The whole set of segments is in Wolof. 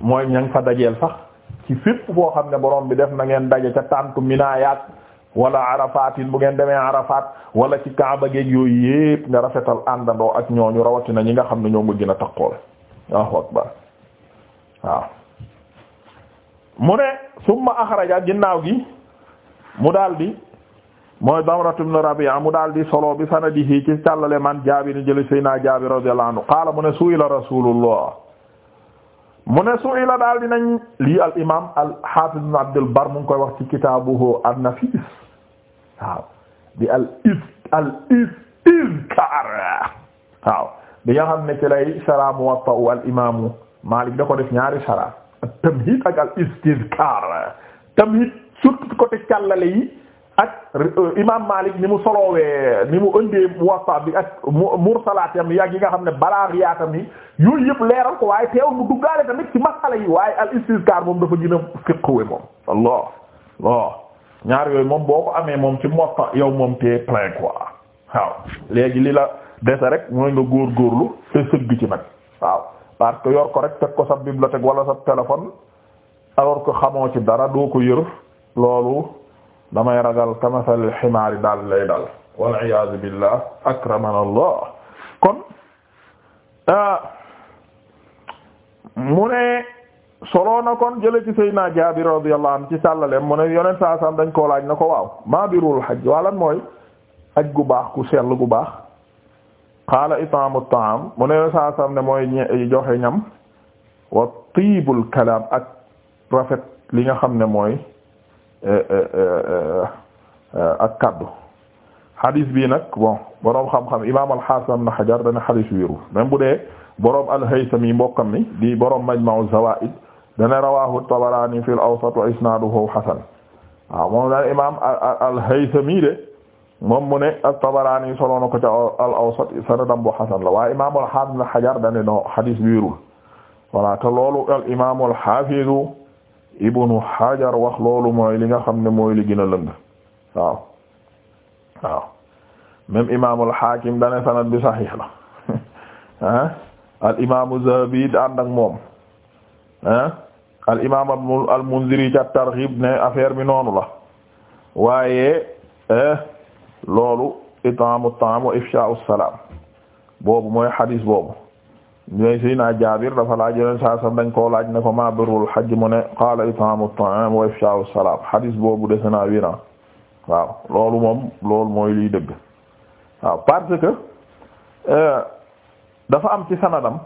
mooy ñang fa dajeel sax ci fépp boo xam ne borom bi def na ngeen daje ca tàntu minaayaat wala arafaat bu ngeen demee arafaat wala ci kaaba geeg yooyu yépp nga rafetal àndandoo ak ñooñu rawatina ñi nga xam ne ñoo nga gën a takkoole waaw akbar waaw mu ne summa axraja ginnaaw gi mu daldi mooy damratu ibn rabi'a mu daldi solo bi sanadihi ci càllale man jaabir jële seyna jaabir radiyallahu anhu qaala mu ne su'ila rasulullah mu ne su ila daal dinañ lii al imaam al hafiz ibn Abdul Bar mu ngi koy wax ci kitaabuhu an-Nafis waaw di al is al is izkaar waaw bi nga xam ne ci lay sharah Muwatta al imaamu Maalik da ko def ñaari sharah at ak al istizkaar tamhiid surtout côté càllale yi ak euh, imam Malik ni mu soloowee ni mu ëndee Muwatta bi ak mursalaatam yi ak yi nga xam ne balaaghiyaatam yi yooyu yëpp leeral ko waaye teewul mu duggaale tamit al moom dafa gën a fiqwe moom Allah Allah ñaar yooyu moom boo ko amee moom ci Muwatta yow moom te plein quoi waaw léegi li la dese rek mooy nga góorgóorlu te sëgg ci nag waaw parce que yor ko rek teg ko sa bibliothèque wala sa téléphone alors ko xamoo ci dara doo ko yër loolu damay ragal kamasalil ximaari daal lay dal wal iyaazu billah akramana allah kon mu ne soloo na kon jële ci Seydina Jaabir radiyallahu anhu ci sàllale mu ne yonent saa sam dañ koo laaj na ko waaw maa birul hajj waalan mooy aj gu baax ku sell gu baax qaala itaamu taam mu ne yonent saa sam ne mooy joxe ñam wa tiibul kalaam ak rafet li nga xam ne mooy Eh, eh, eh, ak kaddu xadis bi nag bon boroom xam-xam imaam al-Hasan ibn Hajar dana xadis wéeru même bu dee boroom al-Haythami mbokkam mi di boroom Majma'u Zawaa'id dana rawaahu at-Tabarani fil Awsat wa al-Haythami de mu ne at-Tabarani solo na ko ca al-Awsat waaye loolu al-imaam al ibnu hajar wax loolu mooy li nga xam ne mooy li gën a lëng waaw waaw même imaamul hakim dane bi sahih la ah al imaamu zahabi ànd moom ah? al imaam al munziri ca targhib ne affaire bi noonu la waaye eh, loolu itaamu taam wa ifsha'u salaam boobu mooy hadis boobu ñooy Seydina Jaabir dafa laaj yeneen saa sax dañ koo laaj na ko ma birrul hajj mu ne qaala it'aamu at-ta'aam wa ifshaa'u as-salaam hadis boobu dese naa wii na waaw loolu moom lool mooy liy dëgg waaw parce euh, dafa am ci sanadam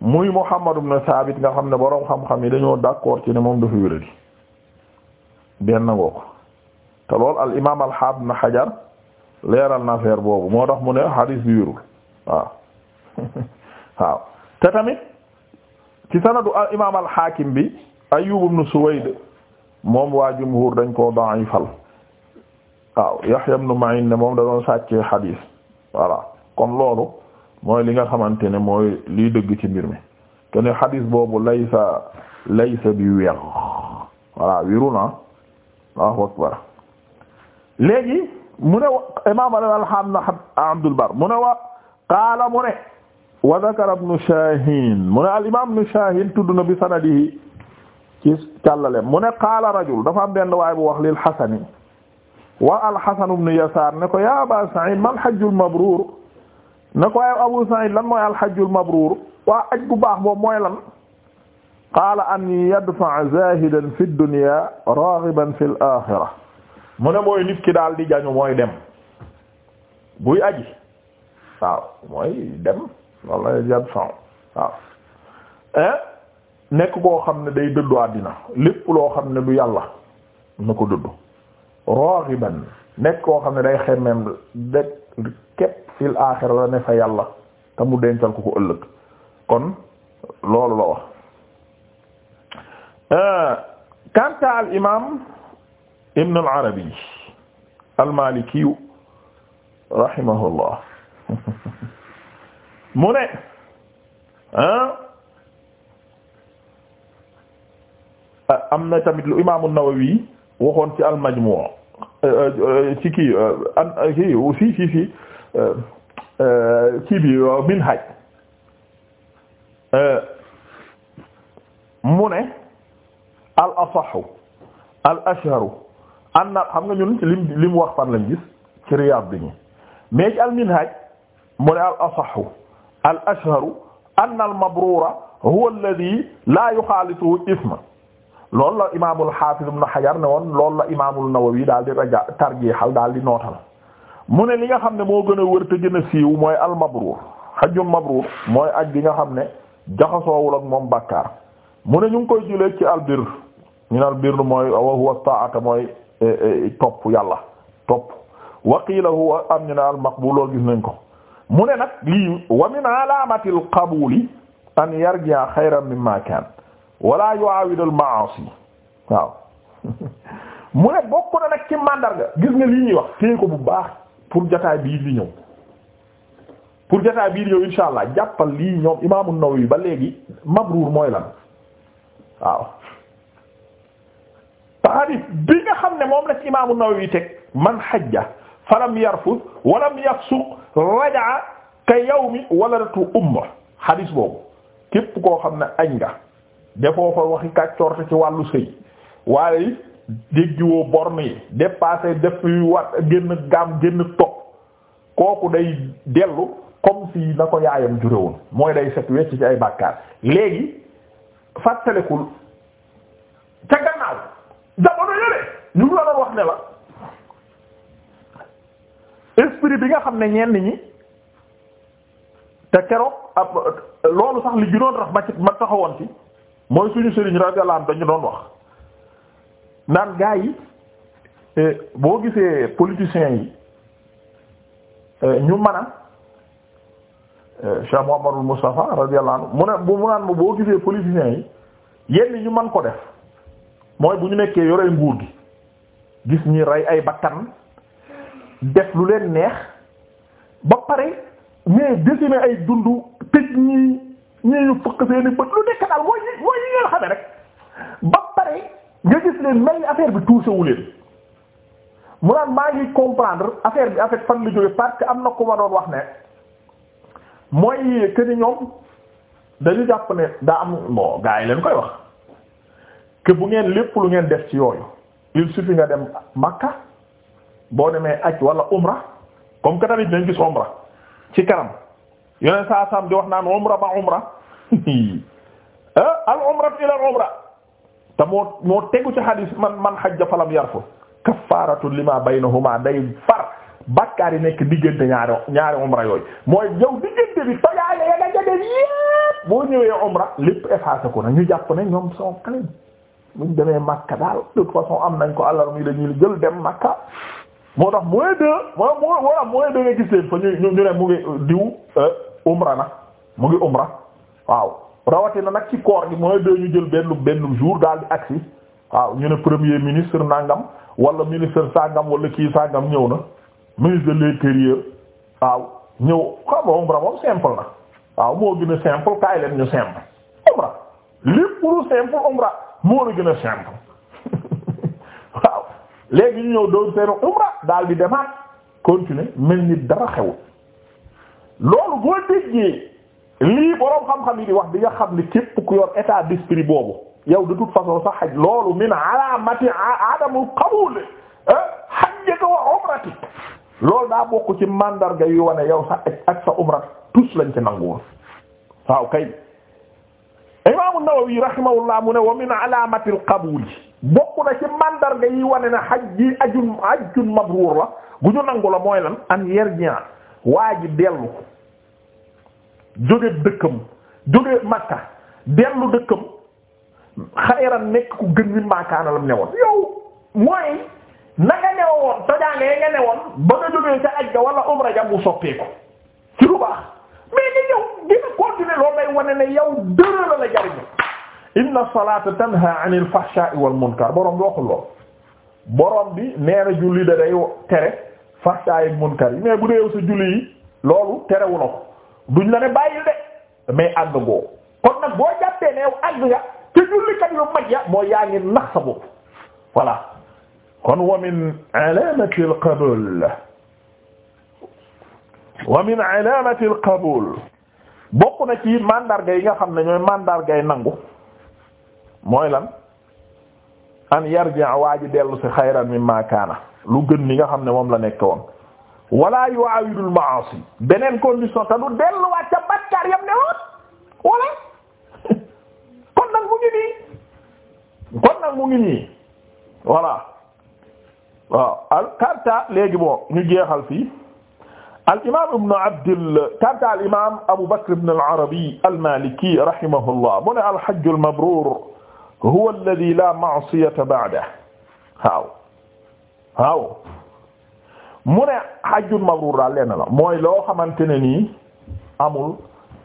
muy Muhammad ibn Saabit nga xam ne boroom xam-xam yi dañoo d'accord ci ne moom dafa wéradi benn ngoo ko te loolu al imaam al-Haafiz Ibn leeral na boobu moo tax mu ne hadis bi waaw. waaw te tamit ci sanadu imaam al hakim bi Ayyub ibn Suwayd moom waa jumhur dañ koo da'ifal waaw Yahya ibn Ma'in ne moom da doon sàccee xadiis voilà kon loolu mooy li nga xamante ne mooy liy dëgg ci mbir mi te xadiis boobu laysa laysa bi wér voilà wiru ah. léegi mu ne wa imaam al-Hamd Abdul Barr mu ne wa qaala mu ne wa dhakara ibnu Shahin mu ne al imaam ibnu Shahin tudd na bi sanadihi ci càllale mu ne qaala rajul dafa am benn waay bu wax lil Hasani wa al Hasan ibnu Yasaar ne ko yaa Abaa Sa'iid mal hajjul mabruur ne ko waaye Abu Sa'iid lan mooy al hajjul mabruur waa aj bu baax boobu mooy lan qaala an yadfa'a zaahidan fi dunya raagiban fil aaxira mu ne mooy nit ki daal di jañu mooy dem buy aji waaw mooy dem. walla yad fan waaw eh? nekk koo xam ne day dëddu àddina lépp loo xam ne du yàlla na ko dëddu raghiban nekk koo xam ne day xemmeem de képp fil aaxira la ne fa yàlla te mu dencal ko ko ëllëg kon loolu la wax eh, kanta al imaam ibn al arabi al malikiyu rahimahullah mu ne ah, ah am na tamit lu imaamu Nawawi waxoon ci al-Majmu' eh, eh, ci kii eh, an kii aussi si si kii bi Minhaj mu ne al-asahhu al-ashharu anna xam nga ñun lim lim wax fan lañ gis ci Riyaad bi ñu mais ci al-Minhaj mu ne al-asahhu al ashharu anna al mabruura huwa alladhi laa yuxaalituhu isma loolu la imaamul xaafiz ibn Hajar ne woon lool la imaamul Nawawi daal di raja tarjiixal daal di nootal mu ne li nga xam ne moo gën a wër te gën a siiw mooy al mabruur hajjun mabruur mooy aj gi nga xam ne jaxasoowul ak moom bàkkaar mu ne ñu ngi koy jëlee ci al birr ñu ne al birr mooy huwa taa'ata mooy eh, eh, topp yàlla topp wa qiila huwa am ñu ne al maqbuul loolu gis nañ ko. mu ne nag lii wa min alaamati alqabuli an yarji'a xayran mimma kaan wala yu'awidu al-ma'asi waaw mu ne bokk na nag ci màndarga gis nga lii ñuy wax téye ko bu baax pour jotaay bii di ñëw pour jotaay bii di ñëw insha allah jàppal lii ñoom imaamu An-Nawawi ba léegi mabruur moy lan waaw taarif bi nga xam ne moom la ci imaamu An-Nawawi teg man xajja falam yarfus walam yafsuq rajaa ka yawmi waladatu umma xadis boobu képp koo xam ne añ nga defoo fa waxi kàccoorte ci wàllu sëy waaye déggiwoo borne yi dépassé def yu wat génn gaam génn topp kooku day dellu comme si na ko yaayam jure woon mooy day set wecc ci ay bàkkaar léegi fàttalekul ca gannaaw jamono yële ñu la doon wax ne la esprit bi nga xam ne ñenn ñi te keroog ab loolu sax li gënoon tax ma ci ma taxawoon ci mooy suñu sëriñ radiyallahu anhu dañu doon wax naan gaa yi eh, boo gisee politiciens yi eh, ñu mën a eh, Cheikh Muhammadul Mustafa radiyallahu anhu mu ne bu mu naan boo gisee politiciens yi yenn ñu man ko def mooy bu ñu nekkee yoree nguur gi gis ñi rey ay bakkan def lu leen neex ba pare mais dessiner ay dundu tëj ñii ñii ñu fëkk seeni bët lu nekk daal mooy ñi mooy ngeen xame rek ba pare nga gis leen mel ni affaire bi touché leen mu naan maa ngi comprendre affaire bi en fait fan la jóge parce que am na ku ma doon wax ne mooy que ni ñoom dañu jàpp ne daa am bon gars yi leen koy wax que bu ngeen lépp lu ngeen def ci yooyu il suffit nga dem Makka. boo demee aj wala umra comme que tamit nañ gis umra ci kanam yeneen saa saam di wax naan umra ba umra ah, al umratu ila al umra te moo moo tegu ci hadis man man hajja falam yarfu kaffaratu lima baynahuma day far bakkaar yi nekk diggante ñaari ñaari umra yooyu mooy yow diggante bi tojaale ya nga jege yépp boo ñëwee umra lépp effacé ko na ñu jàpp ne ñoom sont clean buñ demee Makka daal de façon am nañ ko àllarba yi dañuy jël dem Makka. moo tax moins de moo moo tax moins de nga gis leen fa ñu ñu ne mu ngi euh, diw euh, umra na mu ngi umra waaw rawatina nag ci koor gi moins de ñu jël benn benn jour daal di agsi waaw ñu ne premier ministre nangam wala ministre sangam walla kii sangam ñëw na ministre de l'intérieur waaw ñëw xam umra moom simple na waaw moo gën a simple kaay leen ñu simple umra lépp lu umra moo la gën a simple waaw léegi ñu ñëw doon seen umra daal di demaat continuer mel ni dara xewul loolu boo déggee lii boroom xam-xam yi di wax di nga xam ni képp ku yor état boobu yow de toute façon sax xaj loolu min alamati adamul qabul ah, hajjaka wa umratik loolu daa bokk ci mandarga yu wane yow sax ak sa umra tous lañ ci nanguwoon waaw kay imaamu Nawawi rahimahullah mu ne wa min alamatil qabul bokk na ci mandarga yi wane na xaj ji ajun ajun mabruur la bu ñu nangu la mooy lan an yergien waa ji dellu jóge dëkkam jóge Makka dellu dëkkam xayran nekk ku gën min maakaana lam ne woon yow mooy na nga woon tojaange ya nga ne woon ba nga jógee sa aj ga wala umra ja mu ci lu baax mais nga ñëw dina continuer loolu lay wane ne yow dërë la la inna salata tanha anil fahsha'i wal munkar borom bi waxul lool borom bi nee na julli da day tere fahsha'i munkar yi mais bu dee yow sa julli yi loolu terewu na ko duñ la ne bàyyil de mais àgg goo kon nag boo jàppee ne yow àgg nga te jullikat yu mag ya mooy yaa ngi nax sa bopp voilà kon wa min alamati al qabul wa min alamati al qabul bokk na ci mandarga yi nga xam ne ñooy mandargay nangu mooy lan an yarja waa ji dellu si xayran kaana lu gën li nga xam ne moom la nekk woon wala yu'awidul ma'asi beneen condition te du delluwaat ca bàkkaar yam ne woon wala kon nag mu ngi kon nag mu ngi nii voilà waaw al karta léegi bon ñu abu bakr ibn al arabi al maliki rahimahullah mu ne huwa alladhi la ma'siyata ba'dahu waaw waaw mu ne hajjun mabruur daal lenn la mooy loo xamante ne nii amul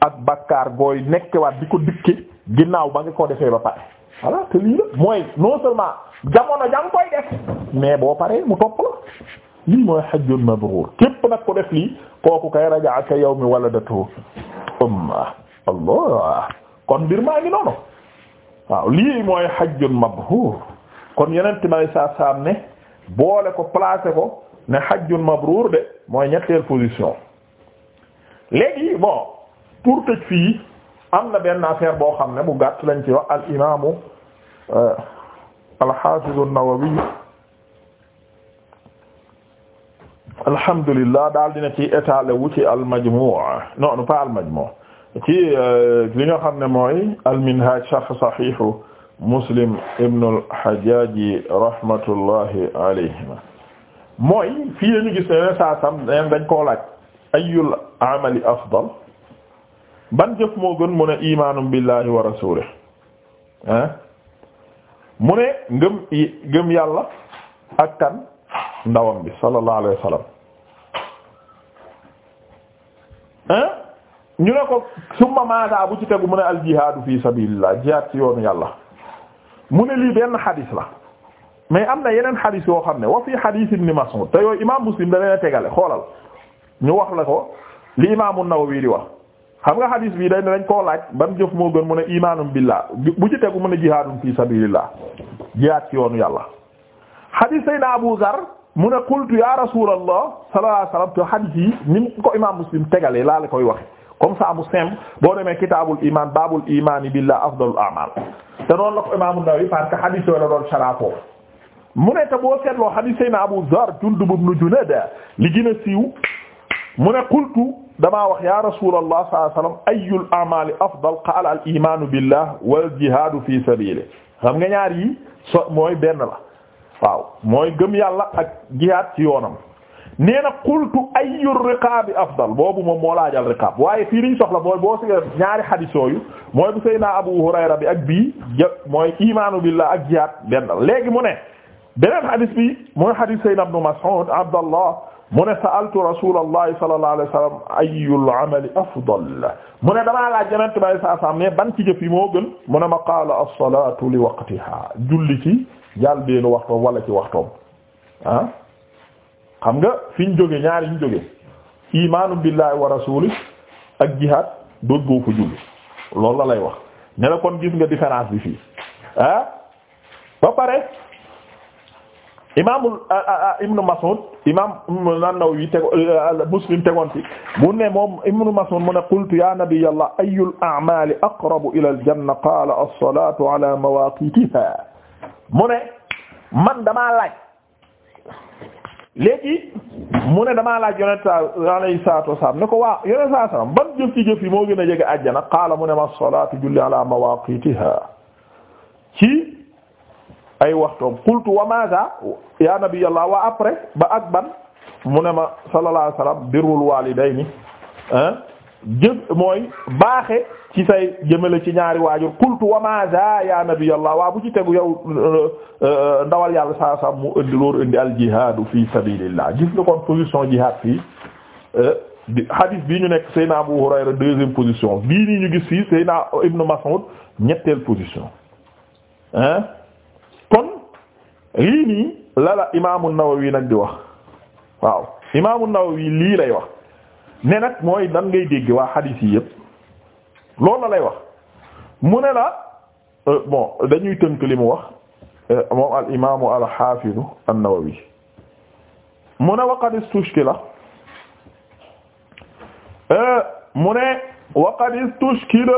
ak bakkaar gooy nekkewaat bi ko dikke ginnaaw ba nga ko defee ba pare voilà te lii la mooy non seulement jamono ja koy def mais boo pare mu topp la lii mooy hajjun mabruur képp nag ko def lii kooku kay raja'a ka yawmi waladatu umma allah kon mbir maa ngi noonu waaw lii mooy hajjun mabruur kon yeneen timay saa saam ne boole ko placé ko ne hajjun mabruur de mooy ñetteel position léegi bon pour tëj fii am na benn affaire boo xam ne mu gàtt lañ ci wax al imaamu euh, al haafiz an-Nawawi alhamdulillah daal dina ci étalé wu ci al majmuu non non pas al majmuu ci euh, li nga xam ne mooy al-Minhaj sharh Muslim ibn al-Hajjaj rahmatullahi alayhima mooy fii lañu gis ne saa sam neen dañ koo laaj ayul amali afdal ban jëf moo gën mu ne imaanum billahi wa rasulihi ah mu ne ngëm ngëm yàlla ak ndawam bi sallallahu alayhi wa ñu ne ko summa maada bu ci tegu mu ne al jihaadu fi sabilillah jihaad ci yoonu yàlla mu ne lii benn xadis la mais am na yeneen xadis yoo xam ne wa fi xadis ibn te yooyu imaam da a tegale xoolal ñu wax la ko li imaamu Nawawi di wax xam nga xadis bi dañ ne dañ koo laaj ban jëf moo gën mu ne imaanum billah bu ci tegu mu ne jihaadum fi ci yoonu yàlla xadis sayna Abu Zar mu ne qultu ya rasulallah sallallahu alayhi wasallam te xadis yi ni ko imaam Muslim laa la koy waxe comme ça bu simple boo demee kitaabul iman baabul imaani billah afdalul a'mal te noonu la ko imaamu Nawawi parce que xadiis yooyu la doon saraafoo mu ne te boo seetloo xadiis Seydina Abu Zarr Jundub ibn Junaada li gën a siiw mu ne qultu damaa wax ya rasulallah sallallahu alayhi wa sallam ayyul a'maali afdal billah wal jihaadu fi sabiilihi xam nga ñaar yi so mooy benn la waaw yàlla ak jihaad ci yoonam. nee na qultu ayu riqaabi afdal boobu mo moo laajal riqaab waaye fii liñ soxla mooy boo si ñaari xadiis yooyu mooy bu Seydina Abu Hurayra bi ak bii jë mooy imaanu billah ak jihaad benn léegi mu ne beneen xadiis bi mooy xadiis Seydina Ibnu Mas'ud Abdallah mu ne sa'altu rasuulallahi sallallahu alayhi wa sallam ayyul amali afdal mu ne damaa laaj Yonent bi sallallahu alayhi wa sallam ne ban ci jëf yi moo gën mu ne ma qaala as-salaatu li waqtihaa julli ci jàll benn waxtoom wala ci waxtoom ah. xam nga fi ñu jóge ñaari ñu jóge imaanu billahi wa ak jihad doot boo fa julli loolu la lay wax ne la kon gis nga différence bi fii ah ba pare imaamul ah, ah, ah, ibnu Mas'ud imam an-Nawawi tego euh, Muslim tegoon ci mu ne moom ibnu Mas'ud mu ne qultu ya nabiyallah ayyul a'mali aqrabu ila al-janna qala as ala mawaqitiha mu man damaa laaj léegi mu ne damaa laaj yonent alayhi salaatu wasalaam ne ko waa yonent saa salaam ban jëf ci jëf yi moo gën a jege àjjana qaala mu ne ma salaatu julli ala mawaqitiha ci ay waxtoom qultu wa maza ya nabiyallah wa après ba ak ban mu ne ma sallallahu alayhi wasallam birrul walidayni ah jë mooy baaxe ci say jëmale ci ñaari waajur kultu wa ma za ya nabiyallah waa bu ci tegu yow euh, euh, ndawal yàlla saa saa mu indi loolu indi al jihadu fi sabilillah gis nga kon position jihad fii euh, hadith bii ñu nekk Seyna Abu Hurayra deuxième position bii nii ñu gis fii Seyna Ibn Mas'ud ñetteel position hein kon lii nii la la imaamu Nawawi nag di wax waaw imaamu Nawawi lii lay wax ne nag mooy dan ngay dégg waa xadiis yi yëpp loolu la lay wax mu ne la euh, bon dañuy tënk li mu wax euh, moom al imaamu al xaafidu an-Nawawi mu ne wa qad istushkila euh, mu ne wa qad istushkila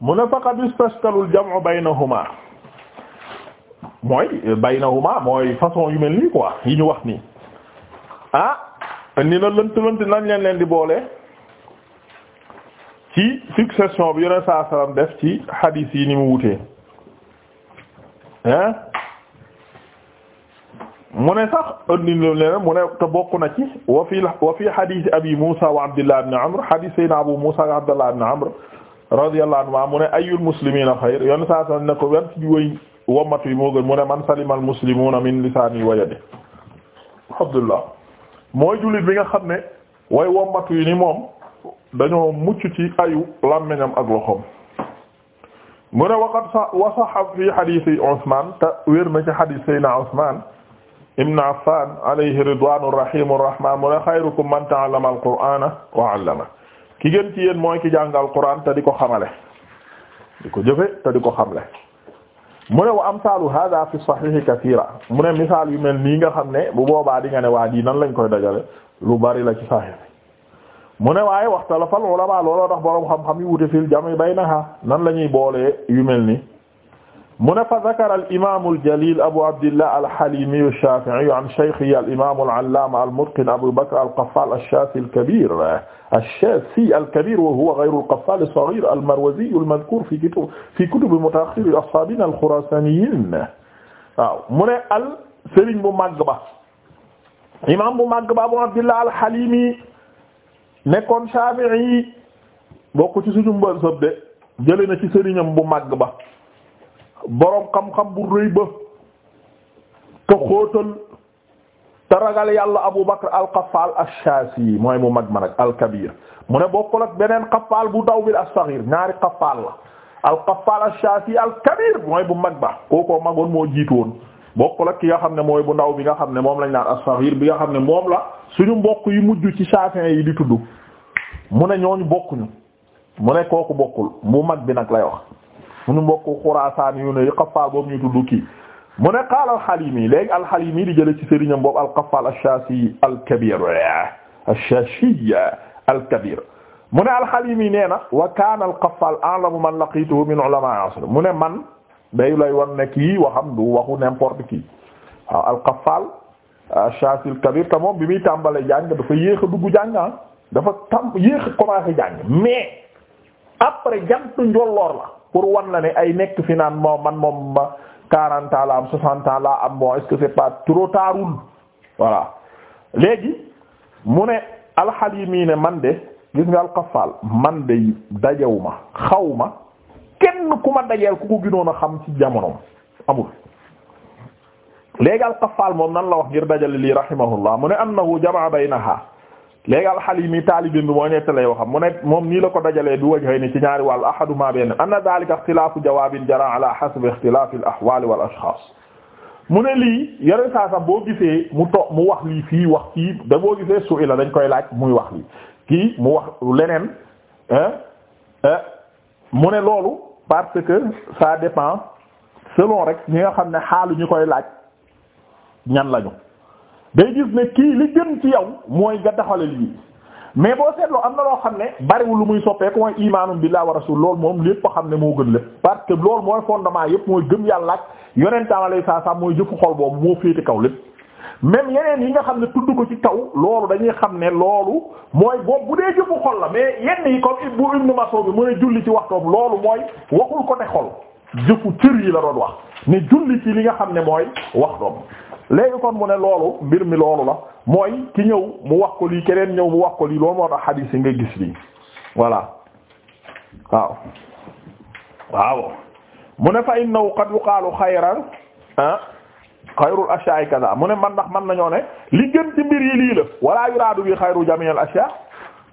mu ne faqad istashkala al-jam'u baynahuma mooy baynahuma mooy façon yu mel nii quoi yi ñu wax nii ah ni la lënt lënt nañ leen leen di boole ci succession bi yoneen saa salaam def ci hadis yi ni mu wutee hein mu ne sax indi leen mu ne te bokk na ci wa fi wa fi hadis abi Musa wa Abdullah ibn Amr hadis sayna Abu Musa wa Abdullah ibn Amr radiyallahu anhu mu ne ayyul muslimina xayr yoneen saa salaam ne ko wer ci woy wommat wi moo gën mu ne man salimal muslimuna min lisaani wa yadihi mooy jullit bi nga xam ne way wommatu yi ni moom dañoo mucc ci ayu làmmiñam ak loxoom mu ne waqad wa sahha fi hadiisi Usmaan te wér na ci hadiis Seydina Usmaan ibn Affaan alayhi ridwaanu rahiimu rahmaan mu ne xayrukum man ta'allama al-qur'aana wa 'allama ki gën ci yéen mooy ki jàngal Qur'aan te di ko xamale di ko jëfe te di ko xamle mu ne wa amsaalu hada fi saxiixi kasiira mu ne misaal yu mel nii nga xam ne bu boobaa dinga ne waa ji nan lañu koy dajale lu bari la ci saxiix mu ne waaye waxtalafa al ulamaa looloo tax boroom xam-xam yi wute fil jami baynaha nan la ñuy boolee yu mel nii. mu ne fa zakara al imaam al jaliil abu abdillah al halimi al shaafi'i an shaykhihi al imaam al allaama al mutqin abu bakr al qaffaal al shaafi al kabiir al shaasi al kabiir wa huwa ghayru al qaffaal al saghiir al marwazi al madhkuur fi kutub fi kutubi mutaakhiri ashaabina al khuraasaniyiin waaw mu ne al sëriñ bu màgg ba imaam bu màgg ba abu abdillah al halimi nekkoon shaafi'i bokk ci suñu mbër sëb de jëlee na ci sëriñam bu màgg ba. boroom xam-xam bu rëy ba te xóotal te ragal yàlla Abu Bakr al-Qaffal ash-Shaasi mooy mu mag ma nag al-Kabir mu ne bokkul ak beneen Qaffal bu daw bil as ñaari Qaffal la al-Qaffal shaasi al-Kabir mooy bu mag ba kookoo magoon moo jiitu woon bokkul ak ki nga xam ne mooy bu ndaw bi nga xam ne moom lañ naan as-Saghir bi nga xam ne moom la suñu mbokk yi mujj ci Shaafi'i yi di tudd mu ne ñooñu bokkuñu mu ne kooku bokkul bu mag bi nag lay wax. suñu mbokku xuraasaan yu ne xafaal boobu ñu tudd kii mu ne qaala alxalimi léegi alxalimi di jële ci sëriñam boobu alxafaal alchaasi alkabir alchaasi alkabir mu ne alxalimi nee na wa kaana alxafaal a'lamu man laqiituhu min ulamaa mu ne man day lay wan ne kii waxam du waxu n'importe qui waaw bi muy tàmbalee jàng dafa yéex a dugg jàng ah. dafa tam yéex a commencé jàng mais la. pour wan la ne ay nekk fi naan man moom ma 40 ans la am 60 ans la am bon est-ce que c'est pas trop tardul voilà léegi mu ne alxalimi ne man de gis nga alxafaal man de dajew ma xaw ma kenn ku dajeel ku ko gënoon a xam ci jamonoom amul léegi alxafaal moom nan la wax ngir dajale lii rahimahullah mu ne annahu jamaa baynaha léegi alxalimi taalibin bi mooy nettalay waxam mu ne moom nii la ko dajalee bi waj hay ni ci ñaari wàllu ahaduma benn anna dalika ixtilaafu jawaabin jara ala hasbi ixtilaafi al ahwaali wal ashxaas mu ne lii yore saa sax boo gisee mu to mu wax lii fii wax fii da boo gisee su ila dañ koy laaj muy wax lii kii mu wax leneen mu ne loolu parce que ça dépend selon rek ñi nga xam ne xaalu ñu koy laaj ñan lañu day gis ne kii li gën ci yow mooy nga lii mais boo seetloo am na loo xam ne bariwul lu muy soppeeku mooy imaanum billahi wa rasul loolu moom lépp xam ne moo gën lépp parce que loolu mooy fondement yëpp mooy gëm yàlla ak yonentam alayhi salaam mooy jëfu xol boobu moo féete kaw lépp même yeneen yi nga xam ne tudd ko ci kaw loolu dañuy xam ne loolu mooy boobu bu dee jëfu xol la mais yenn yi ko bu Ibnu Mas'ud bi mu ne julli ci waxtoom loolu mooy waxul ko ne xol jëfu cër yi la doon wax ne julli ci li nga xam ne mooy waxtoom léegi kon mu ne loolu mbir mi loolu la mooy ki ñëw mu wax ko lii keneen ñëw mu wax ko lii loolu moo tax xadiis yi nga gis lii voilà waaw waaw mu ne fa innahu qad yuqaalu xayran ah xayrul ashya'i kaza mu ne man ndax man nañoo ne li gën ci mbir yi lii la wala yuraadu bi xayru jami'il ashya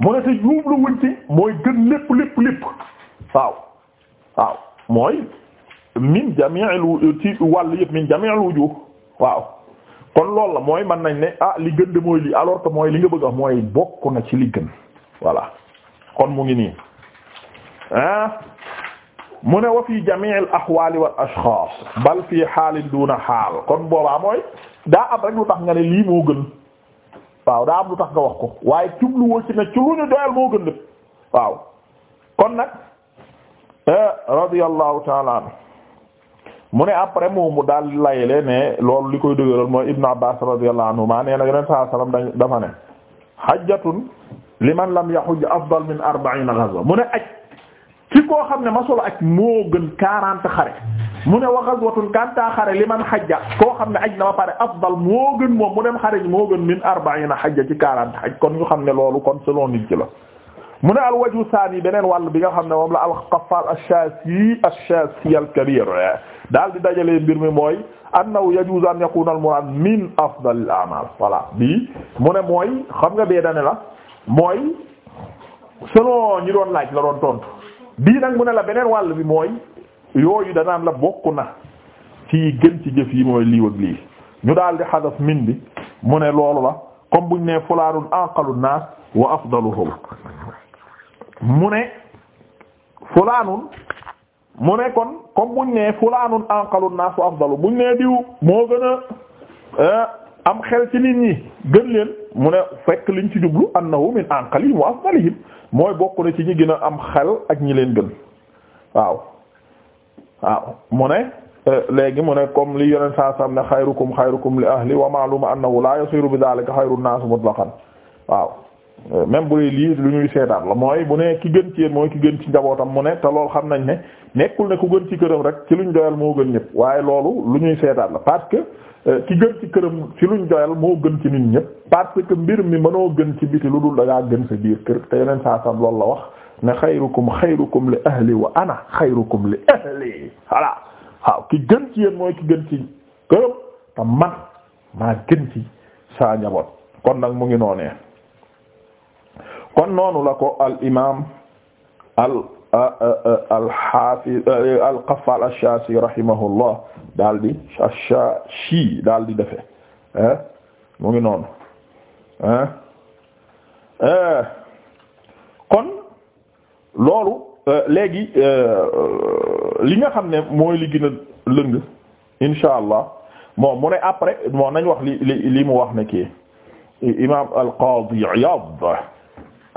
mu ne te jublu wuñ ci mooy gën lépp lépp lépp waaw waaw mooy min jami'il ci wàll yëpp min jami'il wujuh waaw kon loolu la mooy man nañ ne ah li gën de mooy lii alors que mooy li nga bëgg a mooy bokk na ci li gën voilà kon mu ngi nii ah mu ne wa fi jamii al ahwaali wal ashxaas bal fii xaalin duuna xaal kon boobaa mooy daa am rek lu tax nga ne lii moo gën waaw daa am lu tax nga wax ko waaye jubluwoo ci ne ci lu ñu doyal moo gën lépp waaw kon nag eh, radiyallahu ta'ala anhu mu ne après moomu mu daal layele ne loolu li koy dëgëral mooy Ibn Abbas radiyallahu anhuma nee na Yonent sallallahu alayhi wasallam dafa ne hajjatun liman lam yahujj afdal min arba'ina ghazwa mu ne aj ki koo xam ne masul ak moo gën quarante xare mu ne wa ghazwatun kanta xare liman hajja koo xam ne aj na ba pare afdal moo gën moom mu dem xare ji moo gën min arba'ina hajja ci quarante xaj kon ñu xam ne loolu kon selon nit ci la mu ne al waju saani beneen wàll bi nga xam ne moom la al qaffal ash-shaasi ash-shaasi al-kabiir daal di dajalee mbir mi mooy annahu yajuuzu an yakuuna al-muraad min afdal al-a'maal voilà bii mu ne mooy xam nga bee dane la mooy selon ñi doon laaj la doon tontu bii nag mu ne la beneen wàll bi mooy yooyu danaan la bokk na ci gën yi mooy lii ak ñu daal di xadaf min bi mu ne loolu la comme buñ ne fulaanun aqalun naas wa afdaluhum mu ne fulaanun mu ne kon comme buñ ne fulaanun anqalu naas wa afdalu buñ ne diw moo gën a eh, am xel ci nit ñi gën leen mu ne fekk liñ ci jublu annahu min anqalihim wa afdalihim mooy bokk na ci ñi gën a am xel ak ñi leen gën waaw waaw mu ne eh, léegi mu ne comme li yoneen saa sam ne xayrukum xayrukum li ahli wa ma'lum annahu la yasiru bi dhalika xayru naas mutlaqan waaw même bu lii lu ñuy seetaat la mooy bu ne ki gën ci yéen mooy ki gën ci njabootam mu ne te loolu xam nañ ne nekkul ne ku gën ci këram rek ci luñ doyal moo gën ñëpp waaye loolu lu ñuy seetaat la parce que euh, ki gën ci këram ci luñ doyal moo gën ci nit ñëpp parce mbir mi mënoo gën ci lu dul da ngaa gën biir kër te yeneen saa loolu la wax ne xayrukum xayrukum li ahli li ahli voilà waaw ki gën ci yéen mooy ki gën ci këram te man maa gën ci saa njaboot kon nag mu ngi noonee kon noonu la ko al imaam al al al qaffaal ash-Shaashi rahimahullah daal di ash-Shaashi daal di defe eh, mu ngi noonu eh, eh, kon loolu léegi li nga xam ne mooy li gën a lëng insha allah moo mu ne après bon nañ wax li li li mu wax ne kii imaam al qaadi Iyaad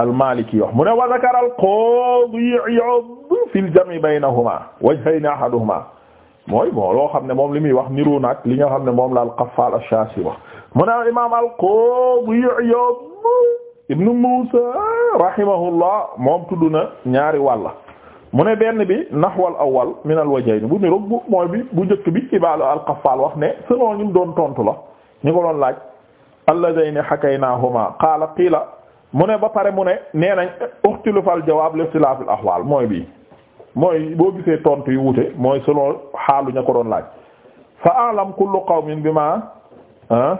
al-Maliki wax mu ne wa zakara al-Qadi Iyad fi al-jam' baynahuma wajhayn ahaduhuma mooy bon loo xam ne moom li muy wax niru nag li nga xam ne moom la al-Qaffal ash-Shashi wax mu ne al-imam al-Qadi Iyad ibn Musa rahimahullah moom tudd na ñaari wàlla mu ne benn bi nahwa al-awwal min al-wajhayn bu niru bu mooy bi bu njëkk bi ibaalu al-Qaffal wax ne selon ñi mu doon tontu la ñu ko doon laaj alladhayni hakaynahuma qala qila mu ne ba pare mu ne nee nañ uxtilufal jawaab liftilaafil axwaal mooy bii mooy boo gisee tontu yu wute mooy selon xaalu ña ko doon laaj fa alam kullu qawmin bima ah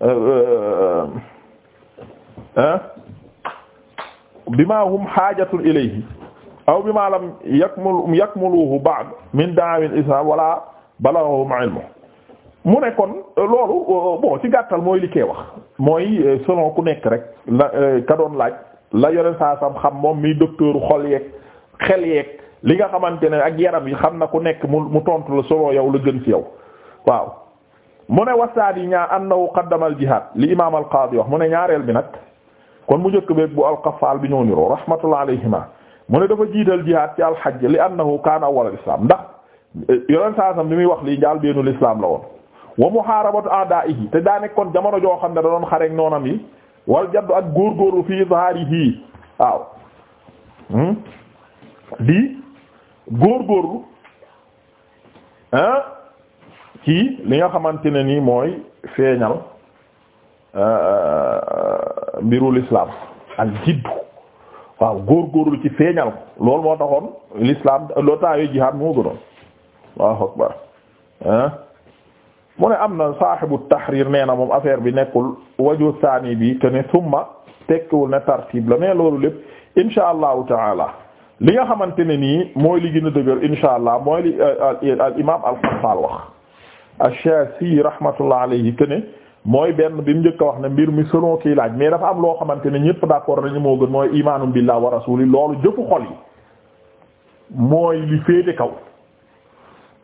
euh, bi bima hum xaajatun ilayhi aw bima lam yakmul yakmuluhu ba'd min da'awil islam wala balaghahum ilmu mu ne kon euh, loolu euh, bon ci gàttal mooy li koy wax mooy euh, selon ku nekk rek la ka doon laaj la yore saa xam moom mii docteur xol yeeg xel yeeg li nga xamante ne ak yaram yi xam na ku nekk mu mu tontu la selon yow la gën ci yow waaw. mu ne wasaad yi ñaar annahu qaddama al jihaad li imaam al qaadi wax mu ne ñaareel bi nag kon mu njëkk beeg bu al alqafaal bi ñoo niroo rahmatullah alayhima mu ne dafa jiital jihaad ci alxaj li annahu kaana awwal al islam ndax yore saa sam bi muy wax lii njaal beenul islam la woon. wa muharabatu a'da'ihi te daa nekkoon jamono joo xam ne da doon xareek noonam yi wal jaddu ak góorgóorlu fi zaharihi waaw hmm? di góorgóorlu ah ci li nga xamante ne nii mooy feeñal ah, ah, mbiru l'islam ak jiddu waaw góorgóorlu ci feeñal ko loolu moo taxoon l'islam loo taawee jihaad moo gënoon waaw akbar ah mu ne am na saaxibu tahrir nee na moom affaire bi nekkul waju saani bi te ne summa tekkiwul ne tartib la mais loolu lépp insha allahu taala li nga xamante ne nii mooy li gën a dëgër insha allah mooy li euh, al imaam al xattaal wax ash-Shaasi rahmatullah alayhi te mooy benn bi mu njëkk wax ne mbir mi selon kii laaj mais dafa am loo xamante ne ñëpp d'accord nañu moo gën mooy imaanum billahi wa rasuli loolu jëfu xol yi mooy li féete kaw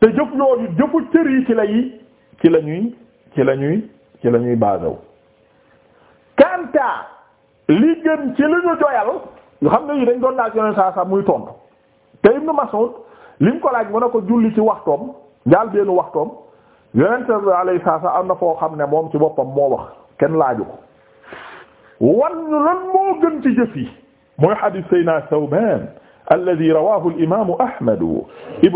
te jëf yooyu jëfu cër ci la ci la ñuy ci la ñuy ci la li gën ci li ñu doyal yu xam ne yi dañ doon laaj yoneen saa saa muy tontu te Ibnu Mas'ud li ko laaj mën a ko julli ci waxtoom njaal benn waxtoom yonent bi alayhi salaam am na foo xam ne moom ci boppam moo wax kenn laaju ko wan ñu lan moo gën ci jëf yi mooy hadith sayna Thawban alladhi rawahu al-imam Ahmad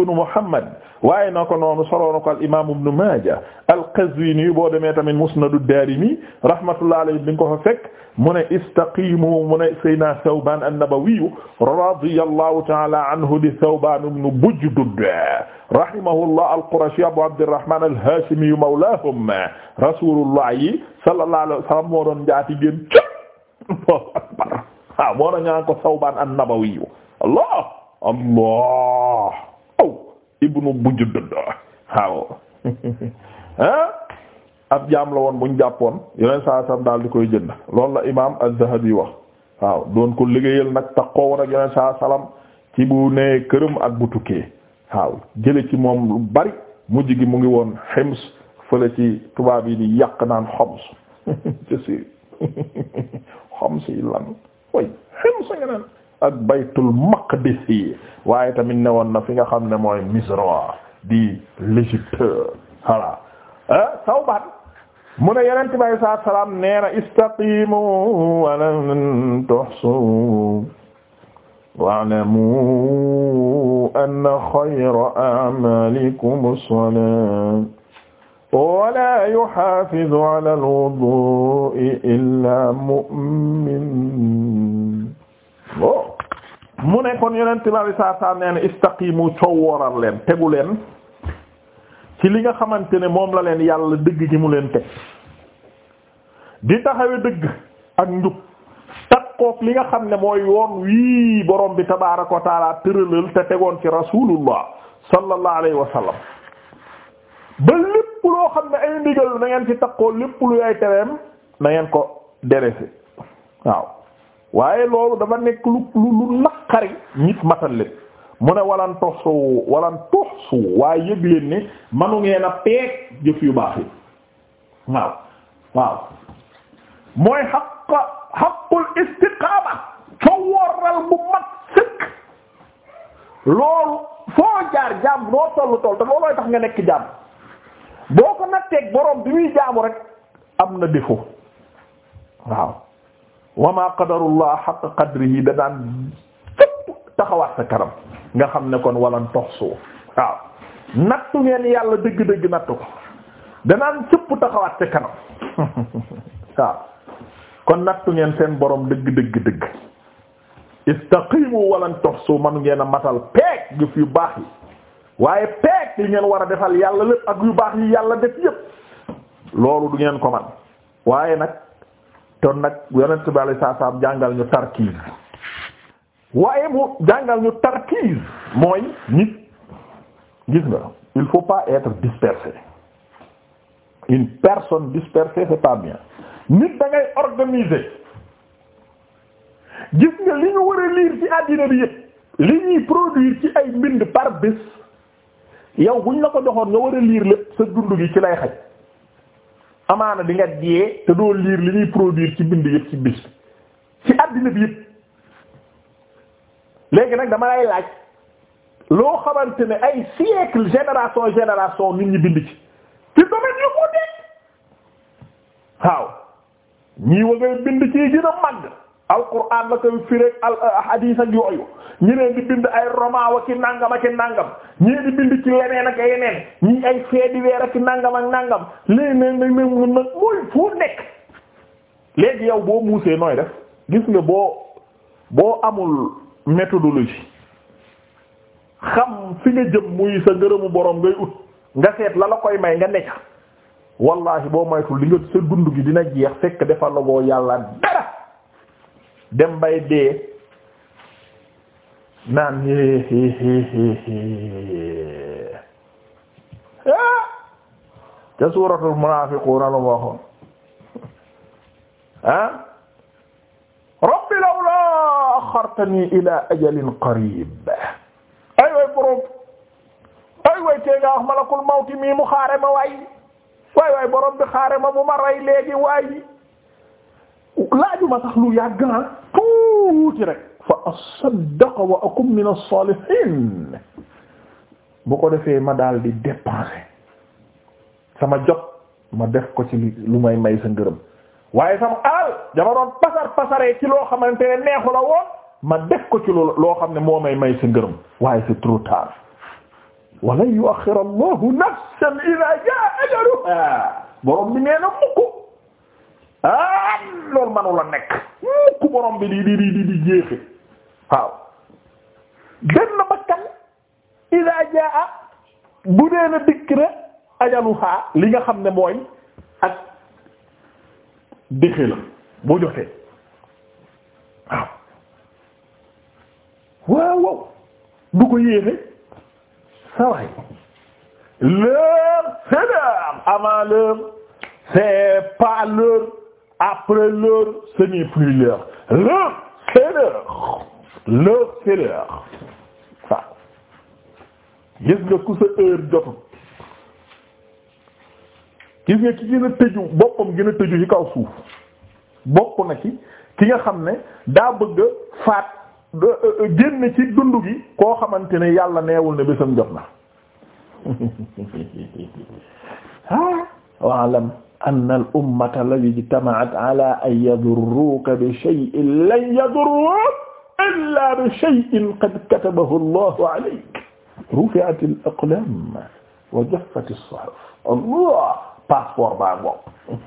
Muhammad waaye na ko noonu solo na ko al imaam ibn Maaja al-Qazwiini boo demee tamit Musnad ad-Daarimi rahmatullahi alayhi bi nga ko fa fekk mu ne istaqiimu mu ne Seydina Thawbaan an-Nabawi radiyallahu ta'ala anhu di Thawbaan ibn Bujdud rahimahullah al-Qurashi Abu Abdirrahmaan al-Haashimi mawlaahum rasuulullahi sallallahu alayhi wa sallam moo doon jaati gën waaw moo doon ñaan ko Thawbaan an-Nabawi Allah Allah ibnu Bujudd waaw ah ab jaam la woon buñ jàppoon yeneen saa sam daal di koy jënd lool la imaam Az-Zahabi wax waaw doon ko liggéeyal nag taxoo woon ak yeneen saa salaam ci bu nee këram ak bu tukkee waaw jële ci moom lu bari mujj gi mu ngi woon Hims fële ci tubaab yi di yàq naan Homs je suis Homs yi lan way Hims nga naan ak baytul maqdis waaye tamit ne woon na fi nga xam ne mooy Misra di l'Égypte voilà eh, Sawbaan mu ne Yonent bi alayhi salaatu wa salaam nee na istaqimu wa lan tuhsu wa'lamu anna khayra a'malikum as-salaat wa laa yuhaafizu 'ala al-wuduu'i illaa mu'min mu ne kon yonent bi saa saa nee istaqimu coow leen tegu leen ci li nga xamante ne moom la leen yàlla dëgg gi mu leen teg di taxawe dëgg ak njub takkook li nga xam ne mooy yoon wii borom bi tabaaraka wa taala tëralal te tegoon ci rasulullah sallallahu alayhi wa sallam ba lépp loo xam ne ay ndigal na ngeen ci takkoo lépp lu yaay tereem na ngeen ko derese waaw waaye loolu dafa nekk lu lu naqari nit matal mu ne walan toxsu walan toxsu waaye yëg leen ne manu ngeen a peeg jëf yu baax yi waaw waaw mooy xaq xaqul istiqaama foo waral bu mat sëkk loolu foo jaar jaam noo tollu toll te loolooy tax nga nekk jaam boo ko natteeg boroom bi muy jaamu rek am na défaut waaw wa ma qadarullah haqqa qadrihi da daan fépp taxawaat sa kanam nga xam ne kon walan toxsu waaw nattu ngeen yàlla dëgg-dëgg nattu ko danaan fépp taxawaat sa kanam waaw kon nattu ngeen seen boroom dëgg-dëgg dëgg istaqimu walan toxsu manu ngeen a matal peeg yu baax yi waaye peeg yi ngeen war a defal yàlla lépp ak yu baax yi yàlla def yépp loolu du ngeen ko man waaye nag ton nag yonent bi alayhi salaam jàngal ñu tarkiiz waaye mu jàngal ñu tarkiiz mooy nit gis nga il faut pas être dispersé une personne dispersée c'est pas bien nit da ngay gis nga li ñu war a liir ci àddina bi yëpp li ñuy produire ci ay mbind par bés yow buñ la ko joxoon nga war a liir lépp sa gundu gi ci lay xaj amaana di nga diyee te doo liir li ñuy produire ci bind yëpp ci bis ci àddina bi yëpp léegi nag dama lay laaj loo xamante ne ay siècle génération génération nit ñi bind ci ci domaine yu ko dégg waaw ñii ngay bind ci gën a màgg alquran la koy firé al euh, hadith ak yooyu ñi di bind ay roman wa ci nangam ak nangam ñi di bind ci leneen ak yeneen ñi ay feedi weer ak nangam ak nangam léegi nag fu nekk léegi yow boo muusee nooy def gis nga boo boo amul méthodologie xam fi nga jëm muy sa ngërëmu borom ngay ut nga seet la la koy may nga nekk wallahi boo maytul li nga sa gund gi dina jeex fekk defa la yàlla dem bay dee naan ah! ca suuratul munaafiquun la waxoon ah rabbi lawlaa axxartanii ilaa ajalin qariib ay way borom ay way tee nga wax malakul mawti mi mu xaare ma waay waay waay borom bi xaare ma bu ma rey léegi waay laajuma sax lu yàgg na tuuti rek fa asaddaqa wa akum min as bu ko defee ma daal di dépenser sama jot ma def ko ci lu may may sa ngërëm waaye sama alal dama doon pasar pasaree ci loo xamante ne neexu la woon ma def ko ci loo xam ne moo may may sa ngërëm waaye c'est trop tard walan yu'akhkhira Allahu nafsan idha jaa ajaluha borom bi nee mukk ah loolu manula nekk ku borom bi di di di di jeexe waaw benn bakkan idaa jaa bu dee na dikk na ajaluha li nga xam ne mooy ak déxe la bu jotee waaw waaw du ko yéexe sawaay l'heure c'est l'heure avant l'heure c'est pas l'heure après l'heure ce n'est plus l'heure l'heure c'est l'heure gis nga ku sa heure jotul gis nga ki gën a tëju boppam gën a tëju ci kaw suuf bokk na ci ki nga xam ne daa bëgg faat euh, euh, génn ci dund gi koo xamante ne yàlla neewul ne bésam jot na ah waalam anna al ummata la ijtama'at ala an yadurruka bi shay'in lan yadurruka illa bi shay'in qad katabahu Allahu alayk rufi'at al aqlam wa jaffat as suhuf Allah passeport baa ngoog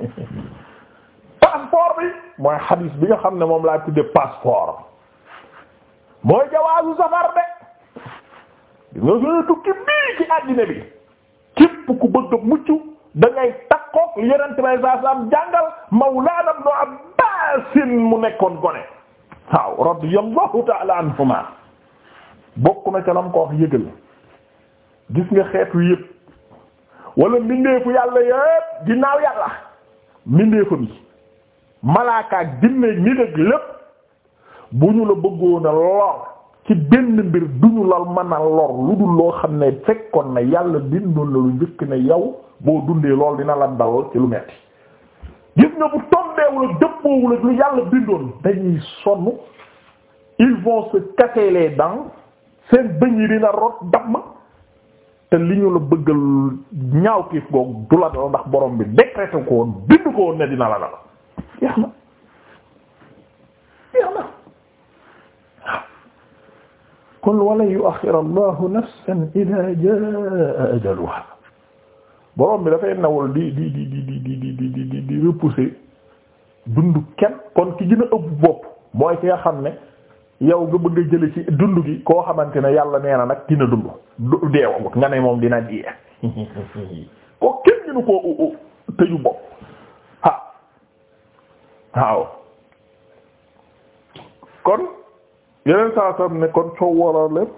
passeport bi mooy hadith bi nga xam ne moom laa tudde passeport mooy jawaazu safar de di nga sooy tukki bii ci àddina bi képp ku bëgg mucc da ngay takkook li bay saa saam jàngal mawlaana ibnu Abbaas mu nekkoon gone waaw radiyallahu ta'ala anhuma bokk na ca lam ko wax yëgal gis nga xeetu yëpp wala mbindeefu yàlla yëpp ginnaaw yàlla mbindeefa bi malaakaak jinneeg nit ak lépp bu ñu la bëggoon a ci benn mbir duñu lal mën a lor lu dul loo xam ne fekkoon na yàlla bindoon na lu njëkk ne yow boo dundee lool dina la dal ci lu metti gis nga bu tombeewul ak dëppoowul ak lu yàlla bindoon dañuy sonn ils vont se casser les seen bëñ yi dina rot damm te li ñu la bëggal ñaaw kiif googu du la ndax borom bi décrété ko woon bind ko woon ne dina la dal jeex na jeex na kon walan yu'akhkhira Allahu nafsan idha jaa ajaluha borom bi dafay nawul di di di di di di di di di dund kenn kon ki gën a ëpp bopp mooy ki nga xam ne yow nga bëgg a jële ci dund gi koo xamante ne yàlla nee na nag dina dund deewagut nga ne moom dina dee ko kenn gënu koo tëju bopp ha waaw kon yeneen saa sam ne kon coow wala lépp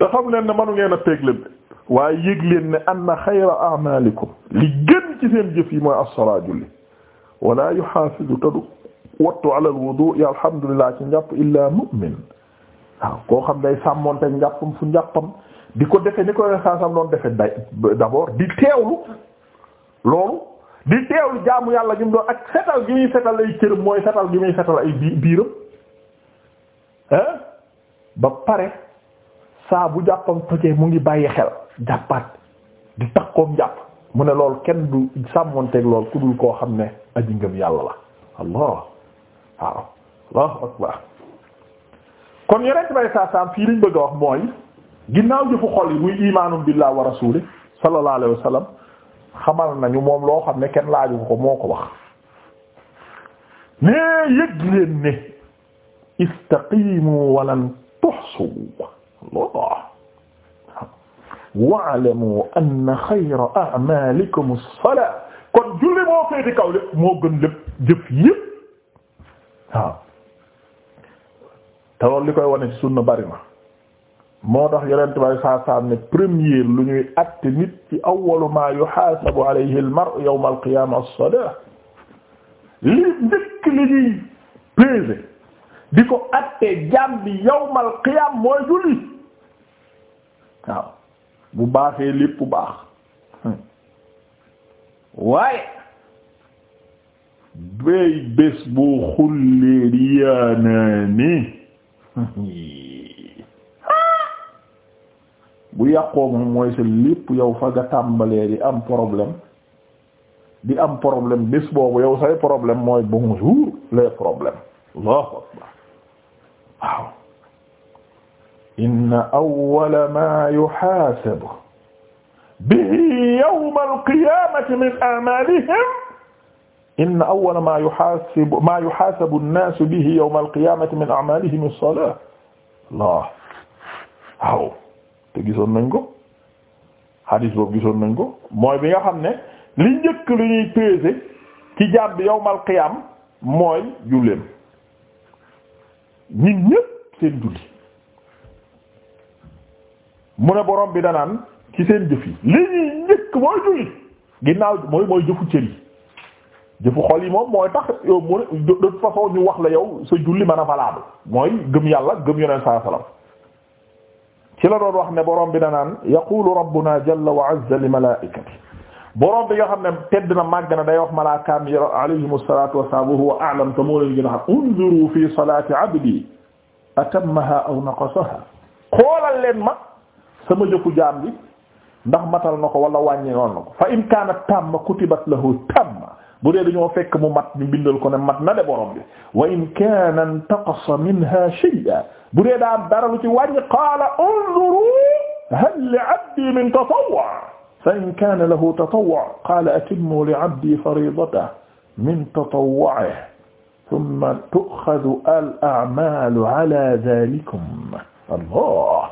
te xam leen ne manu ngeen a teg lépp waaye yëg leen ne anna xayra a'malikum li gën ci seen jëf yi mooy as-salaa julli wala yuhafizu tadu wattu ala al-wudu' ya ci njàpp illa mu'min waaw koo xam day sàmmoonte njàppam fu njàppam di ko defe ni ko yeneen saa sam doon defe day d'abord di teewlu loolu di teewlu jaamu yàlla gi mu doon ak setal gi muy setal ay cër mooy setal gi muy setal ay biiram ba pare saa bu jàppam tojee mu ngi bàyyi xel jàppaat di takkoom jàpp mu ne lool kenn du sàmmonteeg lool ku dul koo xam ne aji ngëm yàlla la allah waaw allahu akbar kon yonent bay saa saam fii liñ bëgg a wax mooy ginnaaw jëfu xol yi muy imaanum billah wa rasuli sallallahu alayhi xamal nañu moom loo xam ne kenn laaju ko moo ko wax mais yëg ne istaqimu walan tuhsu Allah wa'lamu anna xayra a'malikum as-salaa kon julli moo féete kaw lépp moo gën lépp jëf yépp waaw te loolu li koy wane ci sunna bari na moo tax yonent bay saa saam ne premier lu ñuy atte nit ci awwalu maa yuhaasabu alayhi al-mar'u yawma al-qiyaama as-salaat lii njëkk li ñuy peser di ko attee jaam bi yawmal qiyam mooy julli waaw bu baaxee lépp baax waaye béy bés boo xullee di yaanaa ni bu yàqoo moom mooy sa lépp yow fa nga tàmbalee di am problème di am problème bés boobu yow say problème mooy bonjour les problèmes Allahu akbar waaw inna awwala ma yuhaasabu bihi yawma al-qiyaamati min a'maalihim inna awwala ma yuhaasabu ma yuhaasabu an-naasu bihi yawma al-qiyaamati min a'maalihim as-salaat Allah waaw te gisoon nañ ko hadis boobu gisoon nañ ko mooy bi nga xam ne li njëkk lu ñuy peser ci jàmm bi yawmal qiyaam mooy julleem ñun ñëpp seen julli mu ne boroom bi danaan ci seen jëf li ñuy njëkk mooy julli ginnaaw mooy mooy jëfu cër yi jëfu xol yi moom mooy tax yow mu de toute façon ñu wax la yow sa julli mën a valable mooy gëm yàlla gëm yoneen saa salaam ci la doon wax ne borom bi danaan yaqulu rabbuna jalla wa azza li malaikati borom bi nga xam ne tedd na màgg na day wax malaakaam yi alayhimu salaatu wassalaam wa huwa a'lam te moo leen gën a xam unzuru fi salaati abdi atammaha aw naqasaha xoolal leen ma sama jëfu jaam bi ndax matal na ko wala wàññi noon na ko fa in kaanat tamma kutibat lahu tamma bu dee dañoo fekk mu mat ñu bindal ko ne mat na de borom bi wa in kaana intaqasa minha shay'a bu dee daa am dara lu ci wàññi qaala unzuru hal li abdi min tatawwu fa in kaana lahu tatawwu' qaala atimmu li 'abdii fariidatahu min tatawwu'ihi thumma tu'khadhu al-a'maalu 'alaa dhaalikum Allah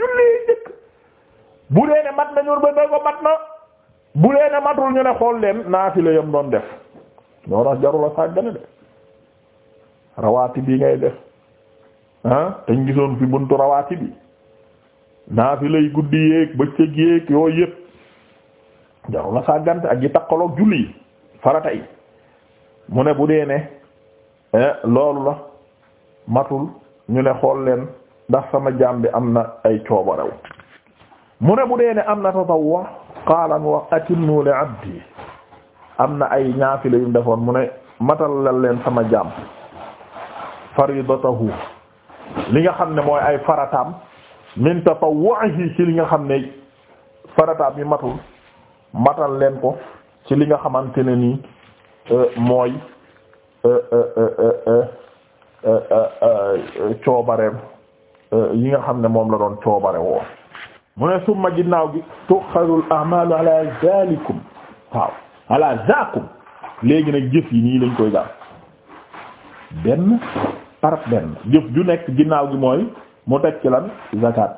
ñun lii njëkk bu dee ne mat na ñun ba doy ko mat na bu dee ne matul ñu ne xool leen naafila yam doon def ñoo tax jarul a sàggane de rawaati bi ngay def ah te ñu gisoon fi buntu rawaati bi naafilay guddi yeeg bëccëg yeeg yooyu yëpp jaru la sàggante ak yi takkaloog julli yi farata yi mu ne bu dee ne eh, loolu la matul ñu ne xool leen ndax sama jaam bi am na ay coobarew mu ne bu dee ne am na tatawwa qaalan wa atimmu li abdi am na ay ñaafile yu defoon mu ne matal la leen sama jaam faridatahu li nga xam ne mooy ay farataam min tatawwuhi ci li nga xam ne farataam yi matul matal leen ko ci li nga xamante ne nii euh, mooy euh, euh, coobare yi nga xam ne moom la doon coobare woo mu ne summa ginnaaw gi tuxadul a'malu ala zalikum waaw ala zakum léegi nag jëf yi nii lañ koy jàpp benn par benn jëf ju nekk ginnaaw gi mooy mu teg ci lan zakat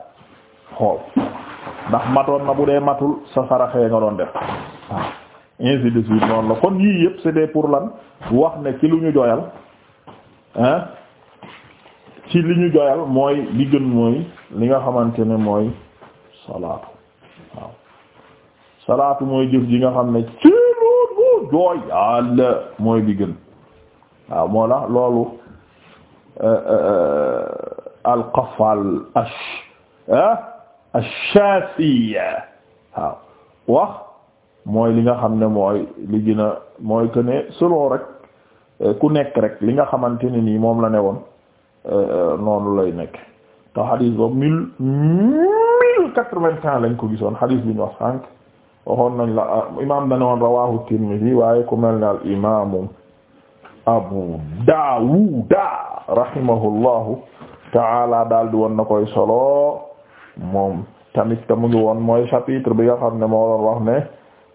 xool ndax matoon na bu dee matul sa saraxee nga doon def waaw de suite noonu la kon yii yëpp c'était pour lan wax ne ci lu ñu doyal hein ci li ñu doyal mooy li gën mooy li nga xamante ne mooy salaatu salaatu mooy jëf ji nga xam ne ci loolu jooy mooy bi gën waaw moo la loolu euh, euh, euh, al qafaal ash ash-shafiya wax mooy li nga xam ne mooy li gën a mooy que ne selon rek eh, ku nekk rek li nga xamante ne nii moom la ne woon eh, noonu lay nekk te xadis boobu mille mille quatre-vingts lañ ko gisoon xadis bi ñu wax sànq waxoon la ah, imaam dana woon rawahu Tirmidhi ku mel ne al imaamu Abu Daawuda rahimahullahu taala daal di woon na koy solo. moom tamit te ngi woon mooy chapitre bi nga xam ne moo doon wax ne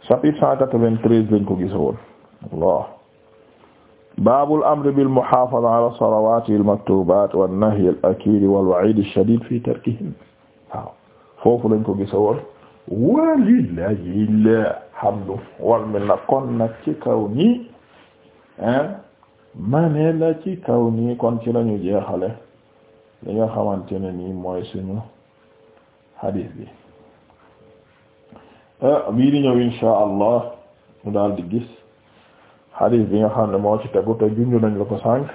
chapitre cent quatre-vingt-treize lañ ko gis woon Allah baabul amri bil muhaafaza ala salawaati al maktubaat wan nahyi al akiid wal wa'iid al shadiid fi tarkihin foofu lañ ko gis woon walillahi alhamdu wal minna kon nag ci kaw ni ma ne la ci kaw nii kon ci lañu jeexale li nga xamante ne nii mooy suñu hadith bi ah, bii di ñëw inshaa allah ñu daal gis hadith bi nga xam ne moo ci tegu te junju nañ la ko sànq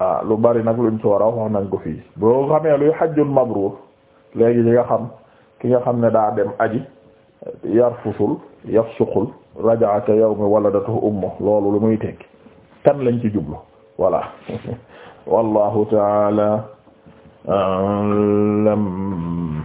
ah lu bari nag luñ ci war wax nañ ko fii boo xamee luy hajjul mabruur léegi ñi nga xam ki nga xam ne daa dem aji yarfusul yafsuqul rajaa ka yawmi waladatuhu ummu loolu lu muy tekki kan lañ ci jublu voilà wallahu ta'ala a'lam